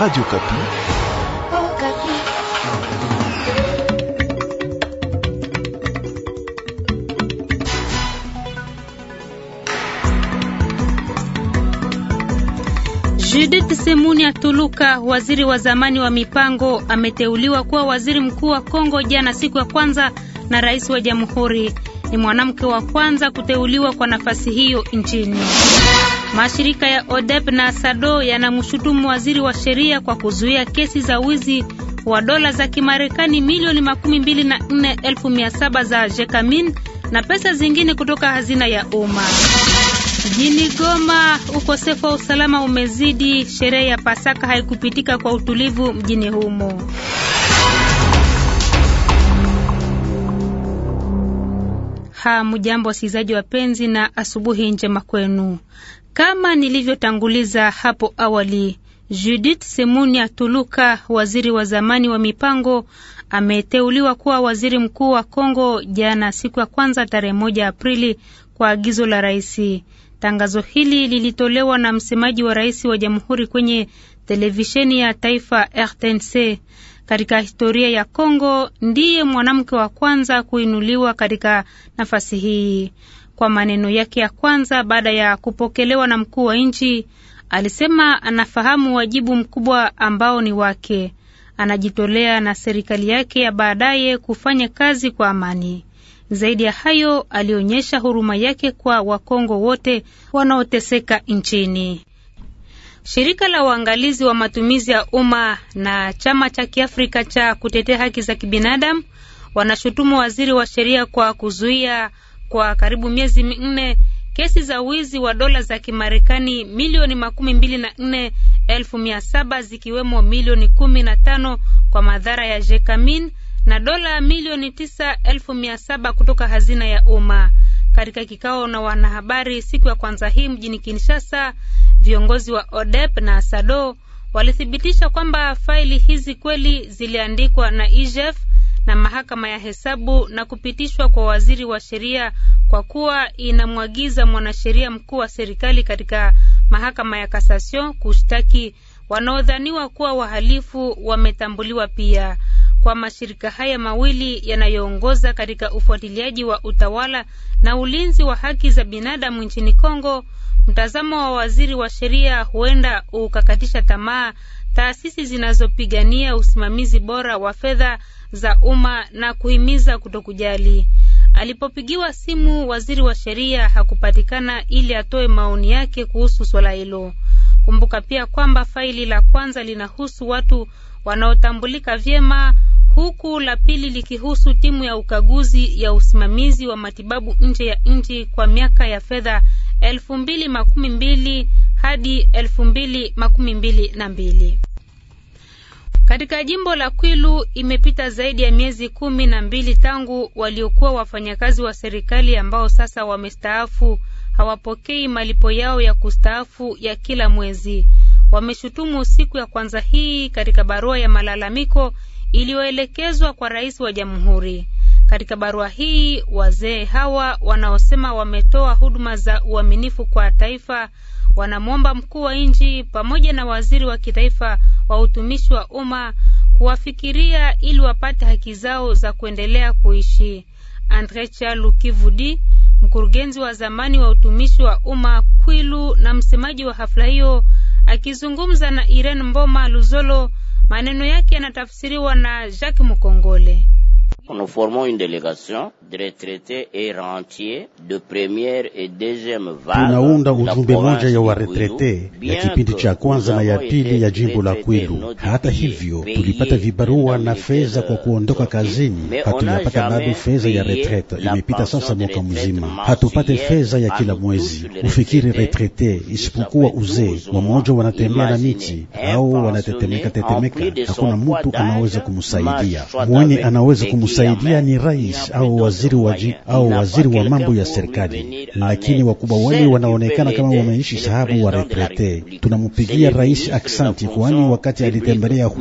Radio Kapi. Oh, Kapi. Judith Semunia Tuluka, waziri wa zamani wa mipango, ameteuliwa kuwa waziri mkuu wa Kongo jana siku ya kwanza na rais wa jamhuri. Ni mwanamke wa kwanza kuteuliwa kwa nafasi hiyo nchini. Mashirika ya ODEP na SADO yanamshutumu waziri wa sheria kwa kuzuia kesi za wizi wa dola za Kimarekani milioni makumi saba za Jekamin na pesa zingine kutoka hazina ya umma. Mjini Goma, ukosefu wa usalama umezidi. Sherehe ya Pasaka haikupitika kwa utulivu mjini humo. Hamjambo wasikilizaji wapenzi, na asubuhi njema kwenu. Kama nilivyotanguliza hapo awali, Judith Semunia Tuluka, waziri wa zamani wa mipango, ameteuliwa kuwa waziri mkuu wa Kongo jana siku ya kwanza tarehe moja Aprili kwa agizo la raisi. Tangazo hili lilitolewa na msemaji wa rais wa jamhuri kwenye televisheni ya taifa RTNC. Katika historia ya Kongo, ndiye mwanamke wa kwanza kuinuliwa katika nafasi hii. Kwa maneno yake ya kwanza baada ya kupokelewa na mkuu wa nchi, alisema anafahamu wajibu mkubwa ambao ni wake. Anajitolea na serikali yake ya baadaye kufanya kazi kwa amani. Zaidi ya hayo, alionyesha huruma yake kwa Wakongo wote wanaoteseka nchini. Shirika la uangalizi wa matumizi ya umma na chama cha Kiafrika cha kutetea haki za kibinadamu wanashutumu waziri wa sheria kwa kuzuia kwa karibu miezi minne kesi za wizi wa dola za Kimarekani milioni makumi mbili na nne elfu mia saba zikiwemo milioni kumi na tano kwa madhara ya Jekamin na dola milioni tisa elfu mia saba kutoka hazina ya umma. Katika kikao na wanahabari siku ya kwanza hii mjini Kinshasa, viongozi wa ODEP na SADO walithibitisha kwamba faili hizi kweli ziliandikwa na IJEF e na mahakama ya hesabu na kupitishwa kwa waziri wa sheria kwa kuwa inamwagiza mwanasheria mkuu wa serikali katika mahakama ya Kasasio kushtaki wanaodhaniwa kuwa wahalifu wametambuliwa pia kwa mashirika haya mawili yanayoongoza katika ufuatiliaji wa utawala na ulinzi wa haki za binadamu nchini Kongo, mtazamo wa waziri wa sheria huenda ukakatisha tamaa taasisi zinazopigania usimamizi bora wa fedha za umma na kuhimiza kutokujali. Alipopigiwa simu waziri wa sheria hakupatikana ili atoe maoni yake kuhusu swala hilo. Kumbuka pia kwamba faili la kwanza linahusu watu wanaotambulika vyema, huku la pili likihusu timu ya ukaguzi ya usimamizi wa matibabu nje ya nchi kwa miaka ya fedha elfu mbili makumi mbili hadi elfu mbili makumi mbili na mbili. Katika jimbo la Kwilu imepita zaidi ya miezi kumi na mbili tangu waliokuwa wafanyakazi wa serikali ambao sasa wamestaafu hawapokei malipo yao ya kustaafu ya kila mwezi wameshutumu siku ya kwanza hii katika barua ya malalamiko iliyoelekezwa kwa rais wa jamhuri. Katika barua hii, wazee hawa wanaosema wametoa huduma za uaminifu kwa taifa wanamwomba mkuu wa nchi pamoja na waziri wa kitaifa wa utumishi wa umma kuwafikiria ili wapate haki zao za kuendelea kuishi. Andre Chalu Kivudi, mkurugenzi wa zamani wa utumishi wa umma Kwilu na msemaji wa hafla hiyo Akizungumza na Irene Mboma Luzolo, maneno yake yanatafsiriwa na Jacques Mukongole. Nous formons une délégation de retraités et rentiers de première et deuxième vague. Tunaunda ujumbe moja ya waretrete ya kipindi cha kwanza na ya pili ya jimbo la Kwilu. Hata hivyo, tulipata vibarua na fedha kwa kuondoka kazini, hatuyapata bado fedha ya retrete Imepita sasa mwaka mzima, hatupate fedha ya kila mwezi. Ufikiri retrete isipokuwa uzee, wamoja wanatembea na miti au wanatetemeka tetemeka, hakuna mtu anaweza kumsaidia. Mwenye anaweza kumsaidia ni rais au waziri wa ji, au waziri wa mambo ya serikali, lakini wakubwa wale wanaonekana kama wameishi sahabu wa retrete. Tunampigia rais aksanti, kwani wakati alitembelea huko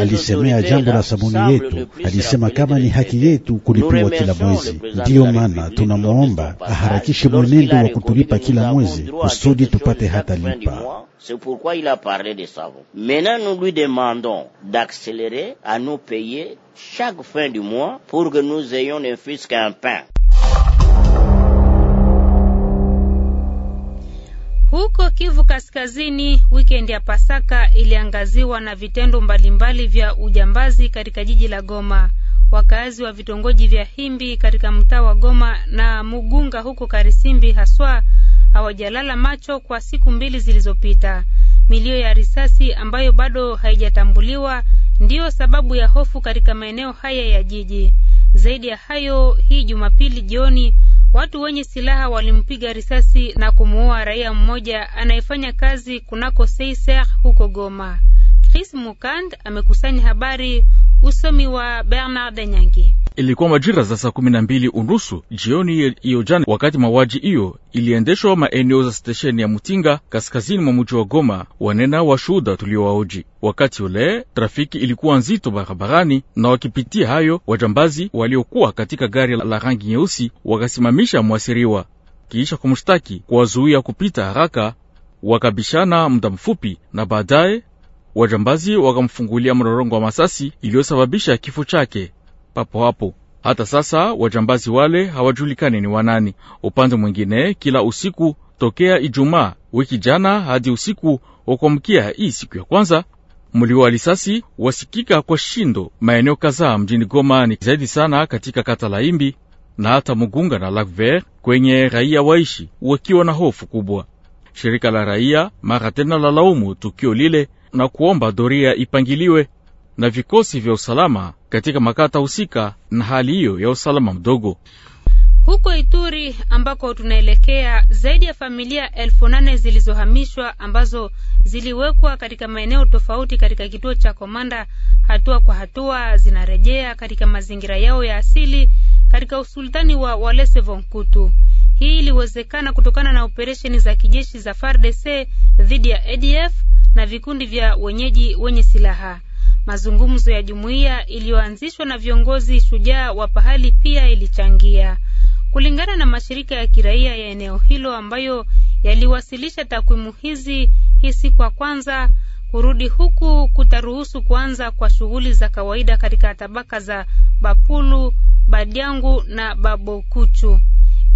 alisemea jambo la sabuni yetu, alisema kama ni haki yetu kulipiwa kila mwezi. Ndiyo maana tunamwomba aharakishe mwenendo wa kutulipa kila mwezi kusudi tupate hata lipa C'est pourquoi il a parlé de savon. Maintenant, nous lui demandons d'accélérer à nous payer chaque fin du mois pour que nous ayons ne fût qu'un pain. Huko Kivu Kaskazini, wikendi ya Pasaka iliangaziwa na vitendo mbalimbali vya ujambazi katika jiji la Goma. Wakazi wa vitongoji vya Himbi katika mtaa wa Goma na Mugunga huko Karisimbi haswa hawajalala macho kwa siku mbili zilizopita. Milio ya risasi ambayo bado haijatambuliwa ndiyo sababu ya hofu katika maeneo haya ya jiji. Zaidi ya hayo, hii Jumapili jioni watu wenye silaha walimpiga risasi na kumuua raia mmoja anayefanya kazi kunako Seiser huko Goma. Chris Mukand amekusanya habari, usomi wa Bernard Nyangi. Ilikuwa majira za saa kumi na mbili unusu jioni hiyo jana, wakati mauaji hiyo iliendeshwa maeneo za stesheni ya Mutinga kaskazini mwa muji wa Goma, wanena washuhuda tuliowaoji. Wakati ule trafiki ilikuwa nzito barabarani, na wakipitia hayo wajambazi waliokuwa katika gari la rangi nyeusi wakasimamisha mwasiriwa kisha kumshtaki kuwazuia kupita haraka. Wakabishana muda mfupi na baadaye wajambazi wakamfungulia mrorongo wa masasi iliyosababisha kifo chake papo hapo. Hata sasa wajambazi wale hawajulikani ni wanani. Upande mwingine, kila usiku tokea Ijumaa wiki jana hadi usiku wa kuamkia hii siku ya kwanza, mlio wa risasi wasikika kwa shindo maeneo kadhaa mjini Goma, ni zaidi sana katika kata la Imbi na hata Mugunga na Lac Vert kwenye raia waishi wakiwa na hofu kubwa. Shirika la raia mara tena la laumu tukio lile na kuomba doria ipangiliwe na vikosi vya usalama katika makata husika na hali hiyo ya usalama mdogo. Huko Ituri ambako tunaelekea, zaidi ya familia elfu nane zilizohamishwa ambazo ziliwekwa katika maeneo tofauti katika kituo cha Komanda, hatua kwa hatua zinarejea katika mazingira yao ya asili katika usultani wa Walese Vonkutu. Hii iliwezekana kutokana na operesheni za kijeshi za FARDC dhidi ya ADF na vikundi vya wenyeji wenye silaha. Mazungumzo ya jumuiya iliyoanzishwa na viongozi shujaa wa pahali pia ilichangia, kulingana na mashirika ya kiraia ya eneo hilo ambayo yaliwasilisha takwimu hizi hii siku ya kwanza. Kurudi huku kutaruhusu kuanza kwa shughuli za kawaida katika tabaka za Bapulu, Badyangu na Babokuchu.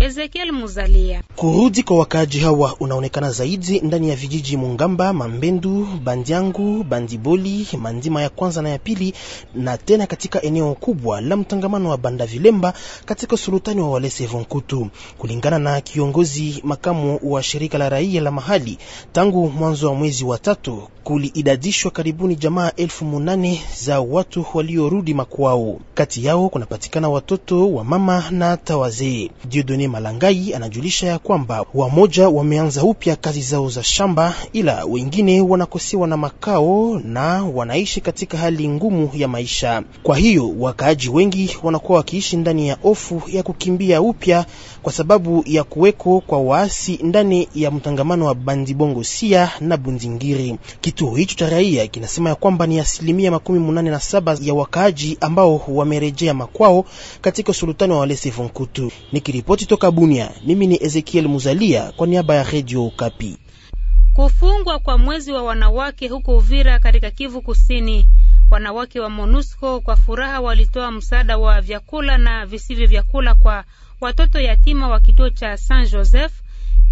Ezekiel Muzalia. Kurudi kwa wakaaji hawa unaonekana zaidi ndani ya vijiji Mungamba, Mambendu, Bandiangu, Bandiboli, Mandima ya kwanza na ya pili, na tena katika eneo kubwa la mtangamano wa Banda Vilemba katika sultani wa Walese Vonkutu. Kulingana na kiongozi makamu wa shirika la raia la mahali, tangu mwanzo wa mwezi wa tatu kuliidadishwa karibuni jamaa elfu munane za watu waliorudi makwao. Kati yao kunapatikana watoto wa mama na hata wazee. Diodone René Malangai anajulisha ya kwamba wamoja wameanza upya kazi zao za shamba, ila wengine wanakosiwa na makao na wanaishi katika hali ngumu ya maisha. Kwa hiyo wakaaji wengi wanakuwa wakiishi ndani ya hofu ya kukimbia upya kwa sababu ya kuweko kwa waasi ndani ya mtangamano wa Bandibongo Sia na Bunzingiri. Kituo hicho cha raia kinasema ya kwamba ni asilimia makumi munane na saba ya wakaaji ambao wamerejea makwao katika usultani wa Walese Vonkutu. Nikiripoti kutoka Bunia, mimi ni Ezekiel Muzalia kwa niaba ya Redio Kapi. Kufungwa kwa mwezi wa wanawake huko Uvira katika Kivu Kusini. Wanawake wa MONUSCO kwa furaha walitoa msaada wa vyakula na visivyo vyakula kwa watoto yatima wa kituo cha San Joseph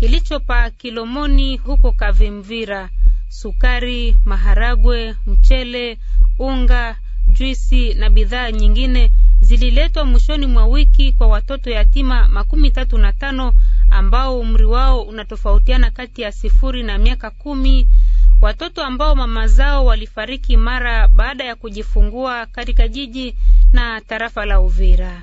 kilichopa Kilomoni huko Kavimvira. Sukari, maharagwe, mchele, unga, juisi na bidhaa nyingine zililetwa mwishoni mwa wiki kwa watoto yatima makumi tatu na tano ambao umri wao unatofautiana kati ya sifuri na miaka kumi, watoto ambao mama zao walifariki mara baada ya kujifungua katika jiji na tarafa la Uvira.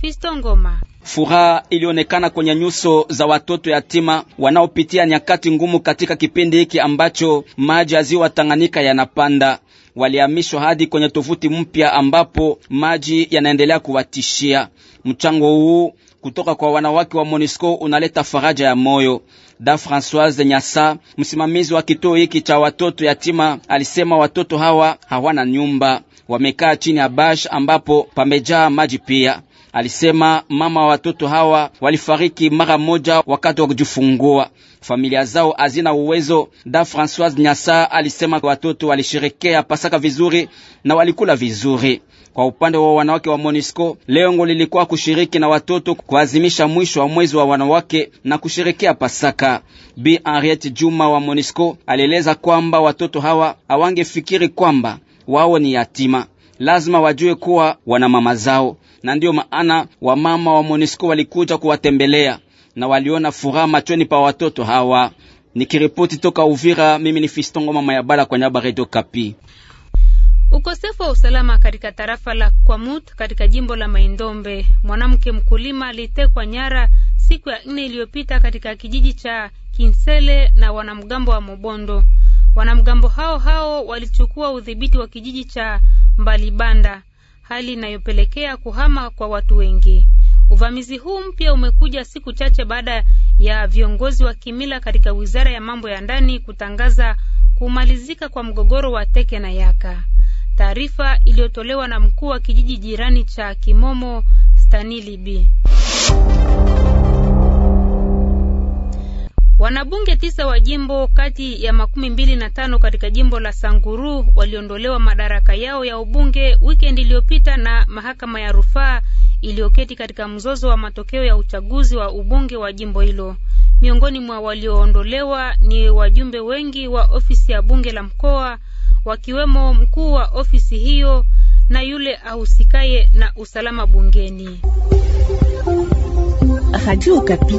Fisto Ngoma. Furaha ilionekana kwenye nyuso za watoto yatima wanaopitia nyakati ngumu katika kipindi hiki ambacho maji ya ziwa Tanganyika yanapanda. Walihamishwa hadi kwenye tovuti mpya ambapo maji yanaendelea kuwatishia. Mchango huu kutoka kwa wanawake wa Monisco unaleta faraja ya moyo. Da Françoise Nyasa, msimamizi wa kituo hiki cha watoto yatima, alisema watoto hawa hawana nyumba, wamekaa chini ya bash ambapo pamejaa maji pia Alisema mama wa watoto hawa walifariki mara moja wakati wa kujifungua, familia zao hazina uwezo. Da Francoise Nyasa alisema watoto walisherekea Pasaka vizuri na walikula vizuri. Kwa upande wa wanawake wa Monisco, lengo lilikuwa kushiriki na watoto kuazimisha mwisho wa mwezi wa wanawake na kusherekea Pasaka. Bi Henriette Juma wa Monisco alieleza kwamba watoto hawa hawangefikiri kwamba wao ni yatima lazima wajue kuwa wana mama zao, na ndiyo maana wamama wa monisco walikuja kuwatembelea na waliona furaha machoni pa watoto hawa. Nikiripoti toka Uvira, mimi ni Fistongo mama ya Bala kwa nyaba Redio Kapi. Ukosefu wa usalama katika tarafa la Kwamut katika jimbo la Maindombe. Mwanamke mkulima alitekwa nyara siku ya nne iliyopita katika kijiji cha Kinsele na wanamgambo wa Mobondo. Wanamgambo hao hao walichukua udhibiti wa kijiji cha Mbalibanda, hali inayopelekea kuhama kwa watu wengi. Uvamizi huu mpya umekuja siku chache baada ya viongozi wa kimila katika wizara ya mambo ya ndani kutangaza kumalizika kwa mgogoro wa Teke na Yaka. Taarifa iliyotolewa na mkuu wa kijiji jirani cha Kimomo Stanilibi. Wanabunge tisa wa jimbo kati ya makumi mbili na tano katika jimbo la Sanguru waliondolewa madaraka yao ya ubunge wikendi iliyopita na mahakama ya rufaa iliyoketi katika mzozo wa matokeo ya uchaguzi wa ubunge wa jimbo hilo. Miongoni mwa walioondolewa ni wajumbe wengi wa ofisi ya bunge la mkoa, wakiwemo mkuu wa ofisi hiyo na yule ahusikaye na usalama bungeni. Radio Kapi.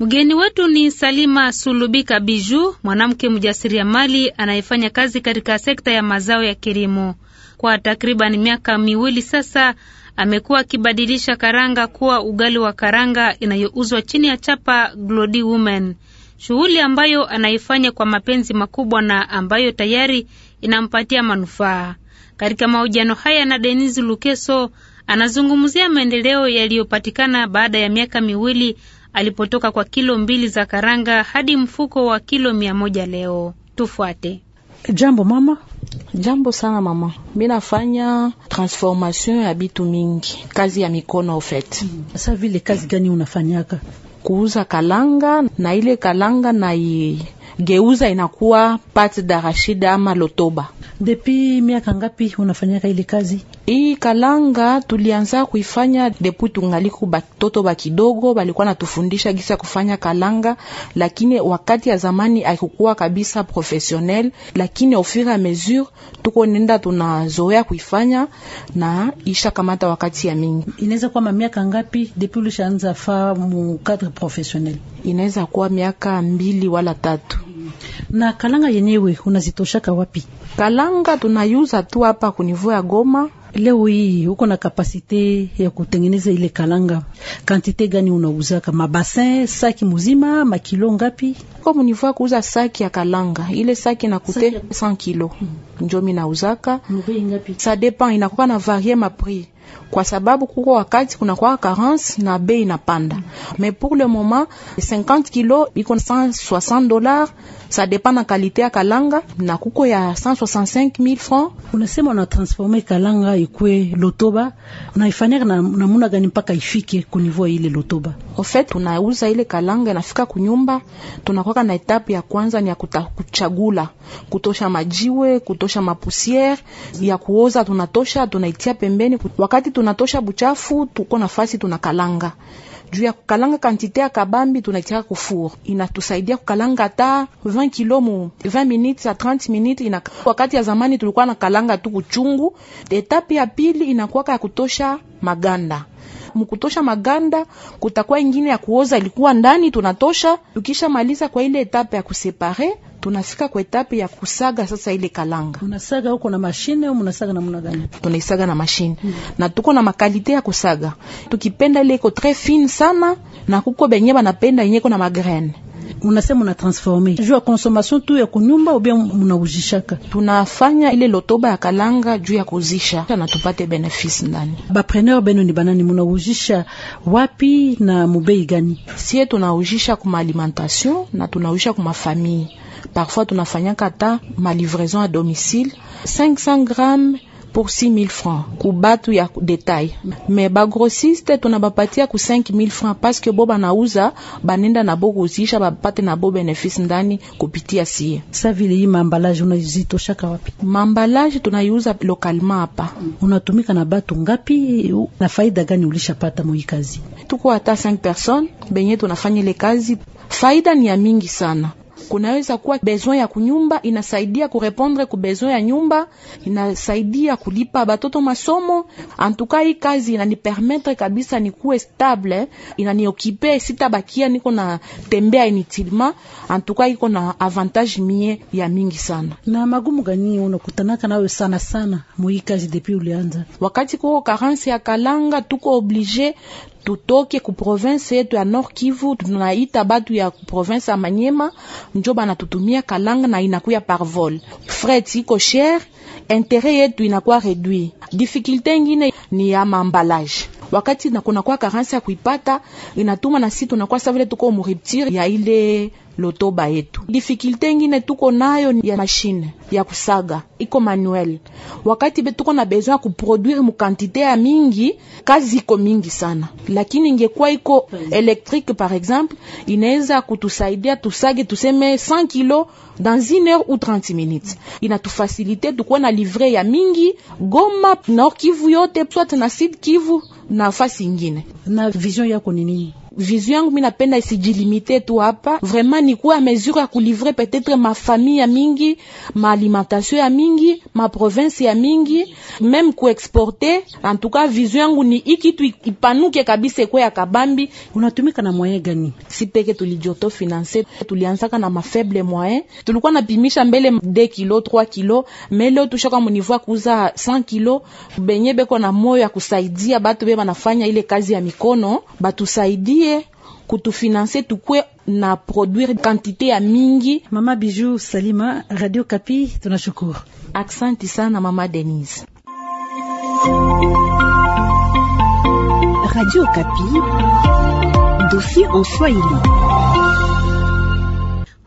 Mgeni wetu ni Salima Sulubika Biju, mwanamke mjasiriamali anayefanya kazi katika sekta ya mazao ya kilimo. Kwa takriban miaka miwili sasa, amekuwa akibadilisha karanga kuwa ugali wa karanga inayouzwa chini ya chapa Glody Woman, shughuli ambayo anaifanya kwa mapenzi makubwa na ambayo tayari inampatia manufaa. Katika mahojiano haya na Denise Lukeso Anazungumzia maendeleo yaliyopatikana baada ya miaka miwili alipotoka kwa kilo mbili za karanga hadi mfuko wa kilo mia moja leo. Tufuate. Jambo mama. Jambo sana mama, mi nafanya transformation ya bitu mingi, kazi ya mikono ofet. Mm. Sa vile kazi gani unafanyaka? Kuuza kalanga na ile kalanga na igeuza inakuwa pat darashida ama lotoba. Depi miaka ngapi unafanyaka ile kazi? Hii kalanga tulianza kuifanya depu tungaliku batoto bakidogo, balikuwa natufundisha gisi ya kufanya kalanga, lakini wakati ya zamani haikukuwa kabisa professionnel, lakini au fur et mesure tuko nenda tunazoea kuifanya na isha kamata wakati ya mingi. Inaweza kuwa miaka ngapi depu ulishaanza fa mu cadre professionnel? Inaweza kuwa miaka mbili wala tatu. Na kalanga yenyewe unazitoshaka wapi? Kalanga tunayuza tu hapa kunivua Goma Leo hii uko na kapasite ya kutengeneza ile kalanga, kantite gani unauzaka? Mabasin saki muzima makilo ngapi? Kwa munivua kuuza saki ya kalanga, ile saki nakute 100 kilo, hmm. njomi nauzaka Sa dépend inakuwa na varie ma prix kwa sababu kuko wakati kuna kwa carence na bei inapanda. Mais pour le moment 50 kilo iko 160 dollars, ça dépend na kalite ya kalanga na kuko ya 165000 francs. Unasema una transformer kalanga ikwe lotoba, unaifanyia na namuna gani mpaka ifike ku niveau ile lotoba? En fait tunauza ile kalanga inafika kunyumba, tunakuwa na etape ya kwanza ni ya kuchagula, kutosha majiwe, kutosha mapusiere ya kuoza, tunatosha tunaitia pembeni wakati wakati tunatosha buchafu tuko nafasi tunakalanga juu ya kukalanga kantite ya kabambi tunaitia kufur, inatusaidia kukalanga hata 20 kilo mu 20 minutes a 30 minutes ina. Wakati ya zamani tulikuwa na kalanga tu kuchungu. Etape ya pili inakuwaka ya kutosha maganda mkutosha maganda kutakuwa ingine ya kuoza ilikuwa ndani tunatosha. Ukisha maliza kwa ile etape ya kusepare, tunafika kwa etape ya kusaga sasa ile kalanga. Unasaga huko na mashine au mnasaga namna gani? Tunaisaga na mashine. Hmm. Na tuko na makalite ya kusaga. Tukipenda ile iko très fine sana na kuko benye banapenda yenye iko na magraine. Unasema una transforme juu ya consommation tu ya kunyumba ou bien munauzishaka? Tunafanya ile lotoba ya kalanga juu ya kuzisha na tupate benefice ndani. Bapreneur beno ni banani, munauzisha wapi na mubei gani? Sie tunauzisha kuma alimentation na tunauzisha kuma famille Parfois tunafanyaka ata malivraison a domicile 500 grammes pour 6000 francs batu ya detail me bagrosiste tunabapatia ku 5000 francs paske bo banauza banenda na bo kuzisha bapate na bo benefice ndani kupitia sie sa vile hii mambalage unaizito shaka wapi mambalage tunaiuza lokalement hapa unatumika na batu ngapi na faida gani ulishapata mu kazi tuko hata 5 personnes benye tunafanya ile kazi faida ni ya mingi sana kunaweza kuwa besoin ya kunyumba, inasaidia kurepondre ku besoin ya nyumba, inasaidia kulipa batoto masomo. Antuka hii kazi inanipermetre kabisa nikuwe stable, inaniokipe sitabakia niko na tembea initilma. Antuka iko na avantage mie ya mingi sana. Na magumu gani unakutanaka nawe sana sana muikazi depuis ulianza? Wakati kuko karansi ya kalanga tuko oblige tutoke ku kuprovince yetu ya nord Kivu, tunaita batu ya province ya Manyema njo banatutumia kalanga na inakuya par vol. Fret iko cher, interet yetu inakuwa redui. Difficulté ingine ni ya mambalaje wakati na kuna kwa karansi ya kuipata inatuma na sisi tunakuwa sasa vile tuko muriptire ya ile lotoba yetu. Difikilte ingine tuko nayo ya mashine ya kusaga iko manuel, wakati be tuko na besoin ya kuproduire mukantite ya mingi, kazi iko mingi sana, lakini ingekuwa iko elektrike par exemple, inaweza kutusaidia tusage tuseme 100 kilo dans une heure ou 30 minutes, inatufasilite tukuwa na livre ya mingi Goma, Nord Kivu yote soit na Sud Kivu nafasi ingine. Na vision yako ni nini? vision yangu mi napenda isijilimite tu hapa, vraiment ni kuwa mesure ya kulivre peut-être mafamille ya mingi, maalimentation ya mingi, maprovince ya mingi, meme kuexporte. En tout cas vision yangu ni ikitu ipanuke kabisa kwa ya kabambi. Unatumika na moyen gani? Si peke tulijoto financer, tulianzaka na mafaible moyen, tulikuwa napimisha mbele 2 kilo 3 kilo, mais leo tushaka munivua kuuza 100 kilo. Benye beko na moyo ya kusaidia batu beba nafanya ile kazi ya mikono batusaidie tusaidie kutufinanse tukwe na produire kantite ya mingi. Mama Bijou Salima, Radio Kapi, tunashukuru. Aksanti sana mama Denise. Radio Kapi, dossier en Swahili.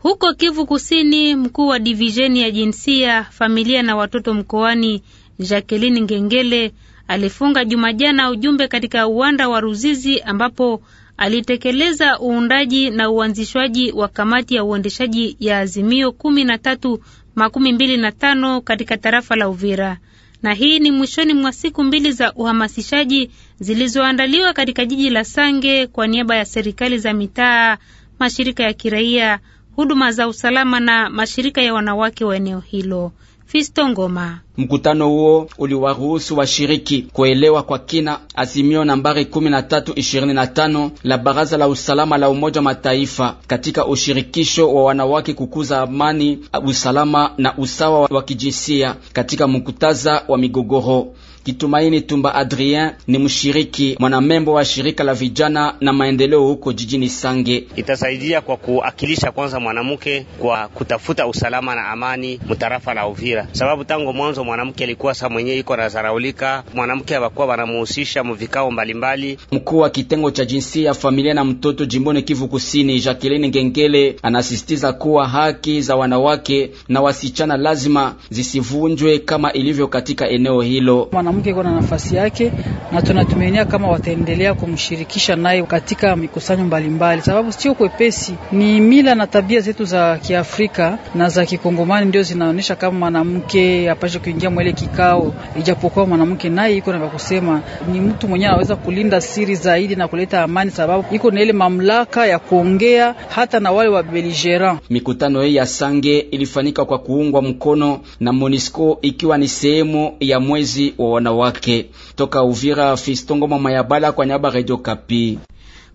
Huko Kivu Kusini, mkuu wa divisheni ya jinsia, familia na watoto mkoani Jacqueline Ngengele alifunga Jumajana ujumbe katika uwanda wa Ruzizi ambapo alitekeleza uundaji na uanzishwaji wa kamati ya uendeshaji ya azimio kumi na tatu makumi mbili na tano katika tarafa la Uvira, na hii ni mwishoni mwa siku mbili za uhamasishaji zilizoandaliwa katika jiji la Sange kwa niaba ya serikali za mitaa, mashirika ya kiraia, huduma za usalama na mashirika ya wanawake wa eneo hilo. Fisto Ngoma. Mkutano huo uliwaruhusu washiriki kuelewa kwa kina azimio nambari 1325 la Baraza la Usalama la Umoja Mataifa katika ushirikisho wa wanawake kukuza amani, usalama na usawa wa kijinsia katika mkutaza wa migogoro. Kitumaini Tumba Adrien ni mshiriki mwanamembo wa shirika la vijana na maendeleo huko jijini Sange. Itasaidia kwa kuakilisha kwanza mwanamke kwa kutafuta usalama na amani mtarafa la Uvira, sababu tangu mwanzo mwanamke alikuwa saa mwenyewe iko zaraulika, mwanamke hawakuwa wanamuhusisha mvikao mbalimbali. Mkuu wa kitengo cha jinsia, familia na mtoto jimboni Kivu Kusini, Jacqueline Ngengele anasisitiza kuwa haki za wanawake na wasichana lazima zisivunjwe kama ilivyo katika eneo hilo Mwana mwanamke iko na nafasi yake, na tunatumainia kama wataendelea kumshirikisha naye katika mikusanyo mbalimbali, sababu sio kwepesi. Ni mila na tabia zetu za Kiafrika na za Kikongomani ndio zinaonyesha kama mwanamke apashe kuingia mwele kikao, ijapokuwa mwanamke naye iko na vya kusema. Ni mtu mwenye anaweza kulinda siri zaidi na kuleta amani, sababu iko na ile mamlaka ya kuongea hata na wale wa beligerant. Mikutano hii ya Sange ilifanyika kwa kuungwa mkono na Monisco ikiwa ni sehemu ya mwezi wa wanawake toka Uvira. Fistongo mama ya Bala kwa nyaba Radio Kapi.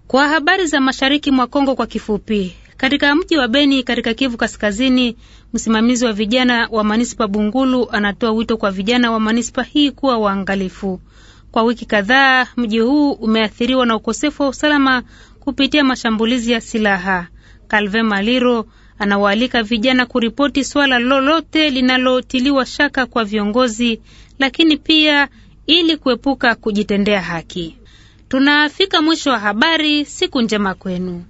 Kwa habari za mashariki mwa Kongo kwa kifupi, katika mji wa Beni katika Kivu Kaskazini, msimamizi wa vijana wa manispa Bungulu anatoa wito kwa vijana wa manispa hii kuwa waangalifu. Kwa wiki kadhaa, mji huu umeathiriwa na ukosefu wa usalama kupitia mashambulizi ya silaha. Calvin Maliro Anawaalika vijana kuripoti suala lolote linalotiliwa shaka kwa viongozi, lakini pia ili kuepuka kujitendea haki. Tunafika mwisho wa habari. Siku njema kwenu.